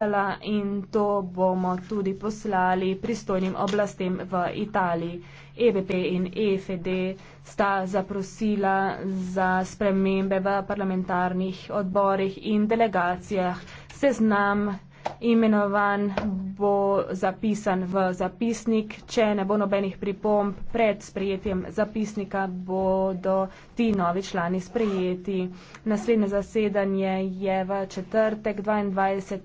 napisala in to bomo tudi poslali pristojnim oblastem v Italiji. EVP in EFD sta zaprosila za spremembe v parlamentarnih odborih in delegacijah. Seznam imenovan bo zapisan v zapisnik. Če ne bo nobenih pripomb pred sprejetjem zapisnika, bodo ti novi člani sprejeti. Naslednje zasedanje je v četrtek 22.